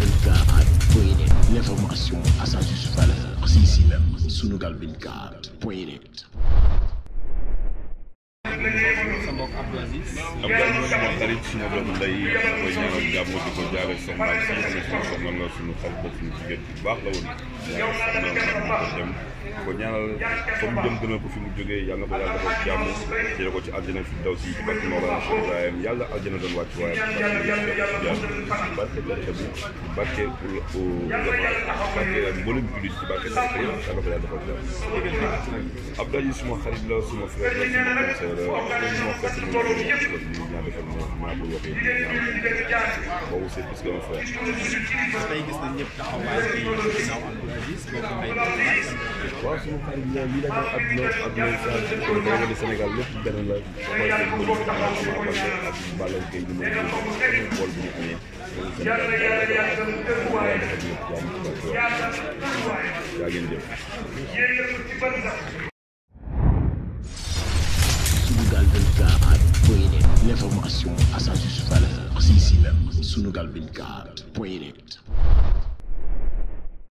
24 point net l'information à sa juste valeur si si point sa mbokk Abdou Aziz. Abdou Aziz sama xarit suma doomu ndey koy ñaanal jàmm di ko jaare soxnaam si nga xam ne soxna la suñu xarit la suñu jigéen bu baax la woon. yàlla soxnaam ko dem ko ñaanal fa mu jëm gënal ko fi mu jógee yàlla na ko yàlla defal jàmm jëlee ko ci aljana fi daw si ci barke Mawlana Cheikh Ibrahim yàlla aljana doon wàcc waayam barke barke bi barke barke mboolem jullit ci barke tànk yàlla na ko yàlla defal jàmm Abdou Aziz suma xarit la suma frère la suma conseiller la ñoo fekk ñu ñu ñu jaajëfal moom maa ko yokkee ñu boobu service gën a fort. tey gis nañ ñëpp taxawaay bi ginnaaw Abdoul Aziz bokk ay waaw suñu xarit ñoom lii la ak ñoom ak ñoom saa ko wala Sénégal lépp benn la xool seen mbir mi ak ak Balla Gaye ñu mën a xool bu ñu amee wala Sénégal yaa ngeen jëf sunugal24.net l'information à sa juste valeur c'est ici